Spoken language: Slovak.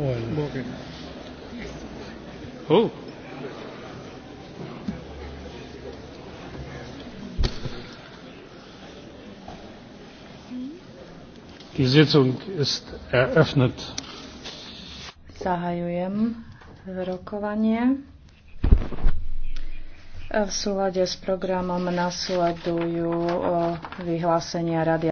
oil. Oh. Die Sitzung ist eröffnet. Zahajujem rokovanie. V súlade s programom nasledujú eh, vyhlásenia Rady